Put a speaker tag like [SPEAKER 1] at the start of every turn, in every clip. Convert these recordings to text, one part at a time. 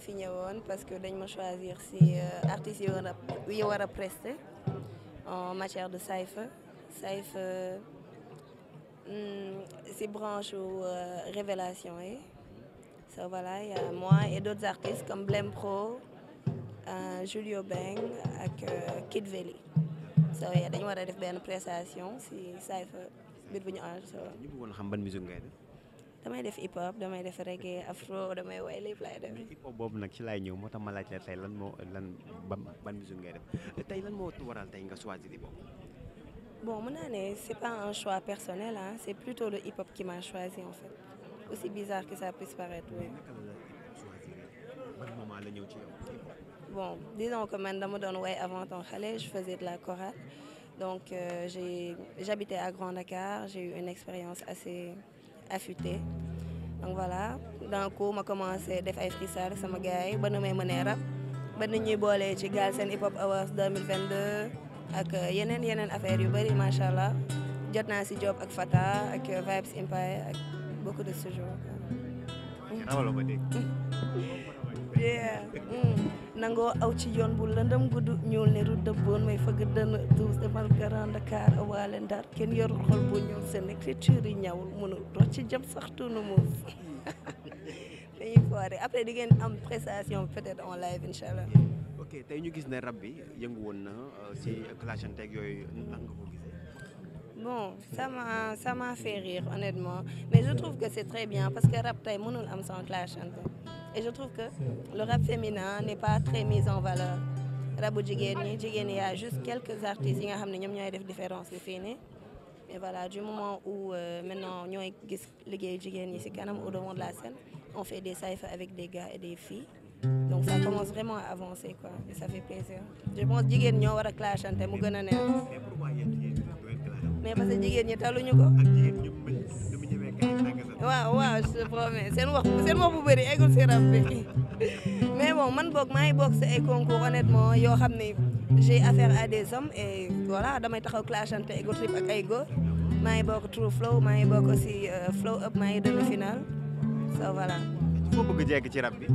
[SPEAKER 1] fi ñëwoon parce que dañ ma choisir si euh, artistes yi war a war a prester en matière de cypher cypher hmm, si branche ou euh, révélation yi so voilà y a moi et d'autres artistes comme Blem Pro euh, Julio Beng ak Kid Veli so dañu war a def benn prestation si cypher biir bu ñu enregistré woon. damay def hip hop damay def reggae afro damay way lépp laay def. hip hop
[SPEAKER 2] boobu nag ci laay ñëw moo tax ma laaj lan moo lan ban ban ngay def tey lan moo waral tey nga choisir hip hop.
[SPEAKER 1] bon mën naa ne c'est pas un choix personnel ah c'est plutôt le hip hop qui m'a choisi en fait aussi bizarre que ça puisse paraître la ñëw ci yow. man dama doon way avant ton la chorale donc euh, j'ai j'habitais à Grand Dakar j'ai eu une expérience assez. affûté donc voilà donc ma commencé def ay freestyle sama gars ba nu may mënee rap ba nit ñuy boolee ci Galsen Hip Hop Awards 2022 ak euh, yeneen yeneen affaire yu bëri macha allah jot naa si job ak Fata ak euh, Vibes Empire beaucoup de séjour. nangoo aw ci yoon bu lëndëm gudd ñuul ne ru dëbboon may fëgg dënn douze demal Grand Dakar Ndar kenn yorul xol bu ñuul seen écriture yi ñawul mënul dox ci jëm sax tuunu muus dañuy foire après di ngeen am prestation peut en live incha allah.
[SPEAKER 2] tey ñu gis ne rab bi yëngu woon na euh, si clashanteeg yooyu nan nga ko
[SPEAKER 1] gisee. bon ça m'a ça m'a mais je trouve que c'est très bien parce que rab tey mënul am sans clashante. et je trouve que le rap féminin n'est pas très mis en valeur rabu jigéen ñi jigéen ñi y a juste quelques artistes yi nga xam ne ñoom ñooy def différence bi fii nii mais voilà du moment où euh, maintenant ñooy gis liggéey jigéen ñi si kanam au devant de la scène on fait des cyphers avec des gars et des filles donc ça commence vraiment à avancer quoi et ça fait plaisir je pense jigéen ñoo war a clashante mu gën a neex
[SPEAKER 2] mais parce que jigéen ñi taluñu
[SPEAKER 1] ko te promets seen wax seen wax bu bëri eggul si rab bi mais bon man boog maa ngi bokk si ay concours honnêtement yoo xam ne j'ai affaire à des hommes et voilà damay taxaw clashante ego trip ak ay góor maa ngi bokk True Flow maa ngi bokk aussi euh, Flow Up maa ngi demi finale so voilà.
[SPEAKER 2] foo bëgg jekk ci rab bi.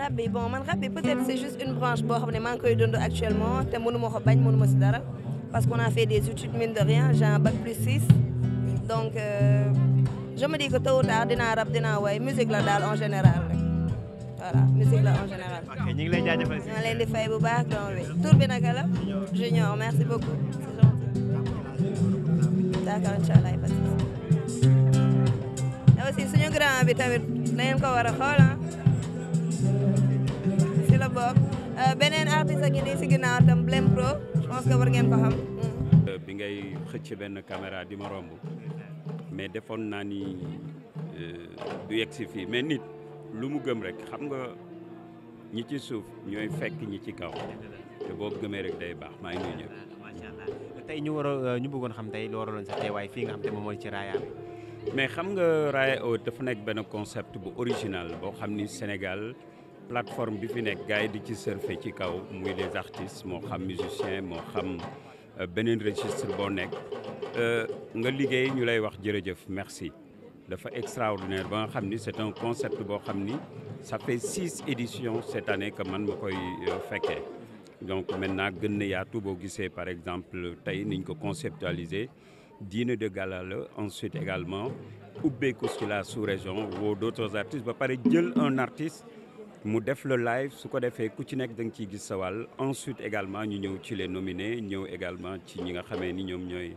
[SPEAKER 1] rab bi bon man rab bi peut-être c'est juste une branche boo xam ne maa ngi koy dund actuellement te mënu ma ko bañ mënu ma si dara parce qu'on a fait des études mine de rien j'ai un je me dis que tôt ou tard way musique la daal en général rek voilà musique la en général.
[SPEAKER 2] ok leen di
[SPEAKER 1] fay bu baax donc oui tur bi Junior merci beaucoup c'est gentil. d'accord incha allah parce que aussi suñu grand bi tamit na ko war a ah. si la bokk euh, beneen artiste ak ñu si ginnaaw tam Blem Pro je pense war ngeen ko xam.
[SPEAKER 3] Euh, bi ngay xëcc benn caméra di ma mais defoon naa ni euh, du yegg si fii mais nit lu mu gëm rek xam nga ñi ci suuf ñooy fekk ñi ci kaw te boo gëmee rek day baax maa ngi nuyu tey ñu war a euh, ñu buggoon xam tey lu waraloon sa teewaay fii nga xam te moom mooy ci raaya mais xam nga raaya dafa nekk benn concept bu original boo xam ni Sénégal. plateforme bi fi nekk gars yi di ci surfer ci kaw muy les artistes moo xam musicien moo xam euh, beneen registre boo nekk nga liggéey ñu lay wax jërëjëf merci dafa extraordinaire ba nga xam ni c'est un concept boo xam ni ça fait six éditions cette année que man ma koy euh, fekkee donc maintenant gën na yaatu boo gisee par exemple tey niñ ko conceptualiser dîner de gala la ensuite également ubbeeku ci la sous-région woo d'autres artistes ba pare jël un artiste mu def le live su ko defee ku ci nekk da nga ciy gis sa wàll ensuite également ñu ñëw ci les nominés ñëw également ci ñi nga xamee ni ñoom ñooy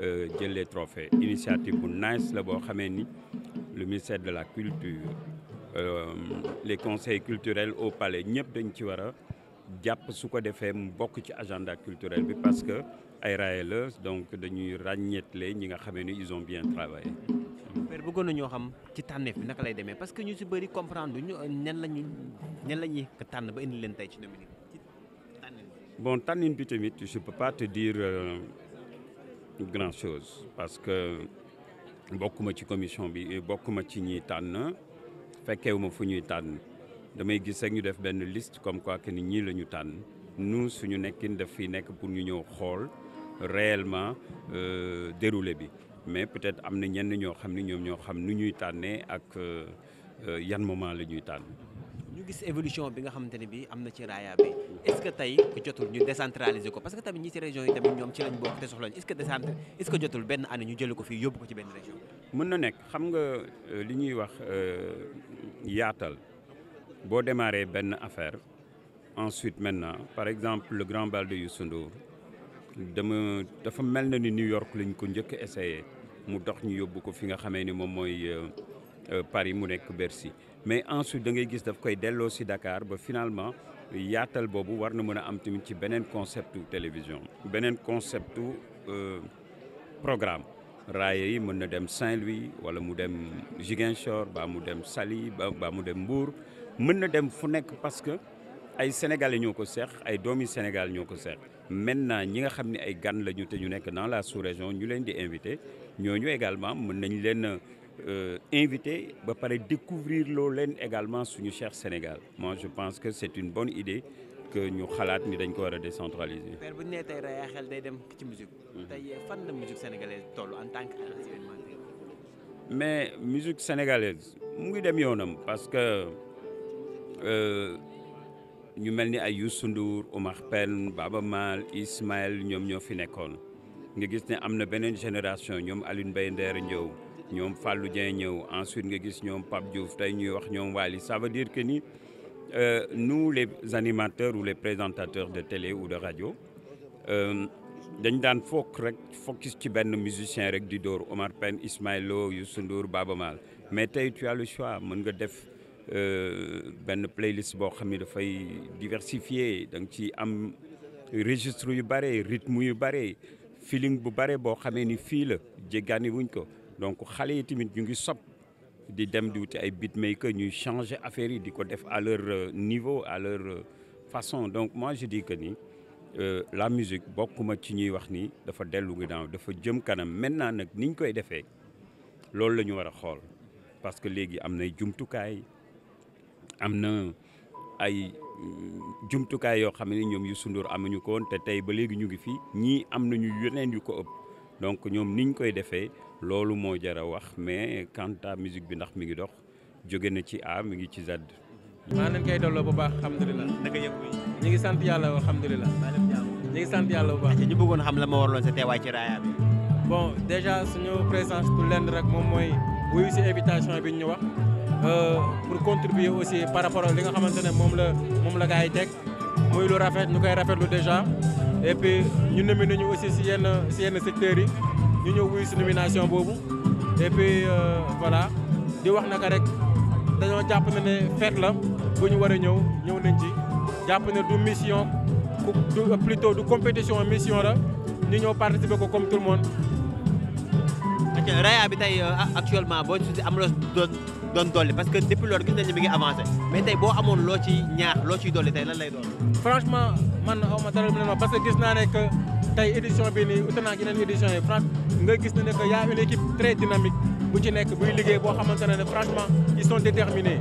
[SPEAKER 3] Euh, jël les trophées initiative bu nice la boo xamee ni lu ministère de la culture euh, les conseil culturels au palais ñëpp dañ ci war a jàpp su ko defee mu bokk ci agenda culturel bi parce que ay raaya la donc dañuy ràññeetle ñi nga xamee ni ils ont bien travaillé. mais bëggoon ñoo xam ci tànneef naka lay
[SPEAKER 2] demee parce que ñu si bëri comprendre ñu ñan la ñuy ñan la ñuy tànn ba indi leen tey ci Dominique.
[SPEAKER 3] bon tànnin bi tamit je peux pas te euh, grand chose parce que bokkuma ci commission bi bokkuma ci ñuy tànn fekkewuma fu ñuy tànn damay gis rek ñu def benn liste comme quoi que ni ñii la ñu tànn nous suñu nekkin daf fi nekk pour ñu ñëw xool réellement euh, déroulé bi mais peut-être am na ñenn ñoo xam ni ñoom ñoo xam nu ñuy tànnee ak euh, euh, yan moment la ñuy tànn.
[SPEAKER 2] ñu gis évolution bi nga xamante ne bi am na ci raaya bi est-ce que tey jotul ñu décentraliser ko parce que tamit ñi ci région yi tamit ñoom ci lañ bokk te soxlañ est est-ce que jotul benn année ñu jëlee ko fii yóbbu ko ci benn région
[SPEAKER 3] mën na nekk xam nga euh, li ñuy wax euh, yaatal boo démarré benn affaire ensuite maintenant par exemple le grand bal de Youssou dama dafa mel na ni New York lañ ko njëkk a mu dox ñu yóbbu ko fi nga xamee ni moom mooy euh, Euh, Paris mu nekk Bercy mais ensuite da ngay gis dafa koy delloo si dakaar ba finalement yaatal boobu war na mën a am tamit ci beneen conceptu télévision beneen conceptu euh, programme raaye yi mën na dem Saint-Louis wala mu dem Ziguinchor ba mu dem sali ba mu dem Mbour mën na dem fu nekk parce que ay sénégalais ñoo ko seex ay doomi Sénégal ñoo ko seex maintenant ñi nga xam ni ay gan lañu te ñu nekk dans la sous-région ñu leen di invité ñooñu également mën nañ leen Euh, invité ba pare découvrir loo leen également suñu cher Sénégal moi je pense que c'est une bonne idée que ñu xalaat ni dañ ko war a décentraliser. père
[SPEAKER 2] nee tey Raya xel day dem ci musique. Mhm. tey fan la musique en tant
[SPEAKER 3] mais musique sénégalaise mu ngi dem yoonam parce que euh, ñu mel ni ay Youssou Ndour Omar Pène Baba Maal Ismaël ñoom ñoo fi nekkoon nga gis ni am na beneen génération ñoom Alioune Mbaye Nder Ndiow. ñoom Fallou Dieng ñëw ensuite nga gis ñoom Pape Diouf tey ñuy wax ñoom waali ça veut dire que ni euh, nous les animateurs ou les présentateurs de télé ou de radio euh, dañ daan fok rek fok ci benn musicien rek di dóor Omar Pène Ismaël Lo Youssou Ndour Baaba Maal mais tey tu as le choix mën nga def euh, benn playlist boo xam ne dafay diversifier da nga ci am registre yu bare rythme yu bare feeling bu bare boo xamee ni fii la jéggaani wuñ ko donc xale yi tamit ñu ngi sob di dem di wuti ay beatmaker ñuy changer affaire yi di ko def à leur euh, niveau à leur euh, façon donc moi je dis que ni euh, la musique bokkuma ci ñuy wax ni dafa dellu ginnaaw dafa jëm kanam maintenant nag ni koy defee loolu la ñu war a xool parce que léegi am na jumtukaay am na ay jumtukaay yoo xam ne ñoom yu sundur amuñu ko woon te tey ba léegi ñu ngi fii ñii am nañu yeneen yu ko ëpp. donc ñoom niñ koy defee loolu moo jar a wax mais quant à bi ndax mi ngi dox jóge na ci A mi ngi ci Z. maa kay
[SPEAKER 4] koy dolloo bu baax alhamdulilah. naka yëngu ñu ngi sant yàlla alhamdulilah. ñu ngi sant yàlla bu baax. ñu bëggoon xam la ma waraloon sa teewaay ci raaya bi. bon déjà suñu présence pour lenn rek moom mooy wuyu si invitation bi ñu wax euh, pour contribuer aussi par rapport li nga xamante ne moom la moom la gars yi muy lu rafet ñu koy rafetlu déjà. et puis ñu nominé ñu aussi si yenn si secteurs yi ñu ñëw wuyu si nomination boobu et puis euh, voilà di wax naka rek dañoo jàpp ne ne fête la bu ñu war a ñëw ñëw nañ ci jàpp ne du mission du plutôt du compétition mission la ñu ñëw participer ko comme tout le monde. rayaa
[SPEAKER 2] bi tey euh, actuellement boo am la doon. don dolli parce que depuis loolu gis nañu mi ngi avancé mais tey boo amoon loo ci ñaax loo ciy dolli tey lan lay doon. franchement
[SPEAKER 4] man xaw ma dara ma parce que gis naa ne que tey édition bi nii ute naa yeneen édition yi franch nga gis ne que y a une équipe très dynamique bu ci nekk buy liggéey boo xamante ne franchement ils sont déterminés.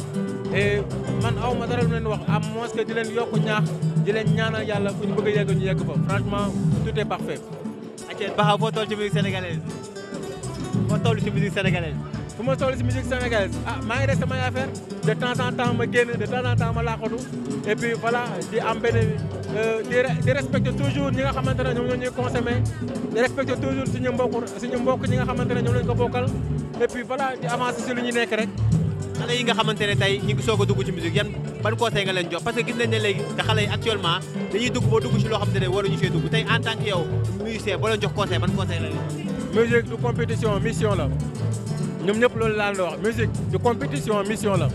[SPEAKER 4] et man aw ma dara lu leen wax am moins que di leen yokk ñaax di leen ñaanal yàlla fu ñu bëgg a yegg ñu yegg fa franchement tout est parfait. Athie Ba fu ma soxla si musique sénégalaise ah, maa ngi def samay affaire de temps en temps ma génn de temps en temps ma laaxatu et puis di am euh, di di toujours ñi nga xamante ne ñoom ñoo ñuy consommé di respecté toujours suñu mbokk
[SPEAKER 2] suñu mbokk ñi nga xamante ne ñoom lañ ko bokkal et di avancé si lu ñu nekk rek. xale yi nga xamante ne tey ñu ngi soog a dugg ci musique yan ban conseil nga leen jox parce que gis nañ ne léegi te yi actuellement dañuy dugg boo dugg ci loo xamante
[SPEAKER 4] la. ñoom ñëpp loolu laa la wax musique du compétition mission la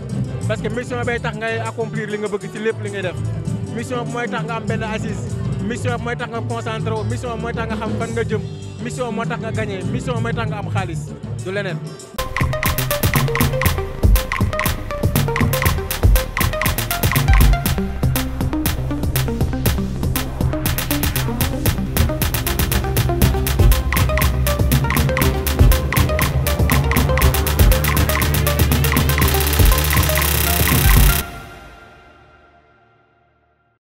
[SPEAKER 4] parce que mission bay tax ngay accomplir li nga bëgg ci lépp li ngay def mission bi mooy tax nga am benn assise mission bi mooy tax nga concentré wu mission mooy tax nga xam fan nga jëm mission moo tax nga gagné mission mooy tax nga am xaalis du leneen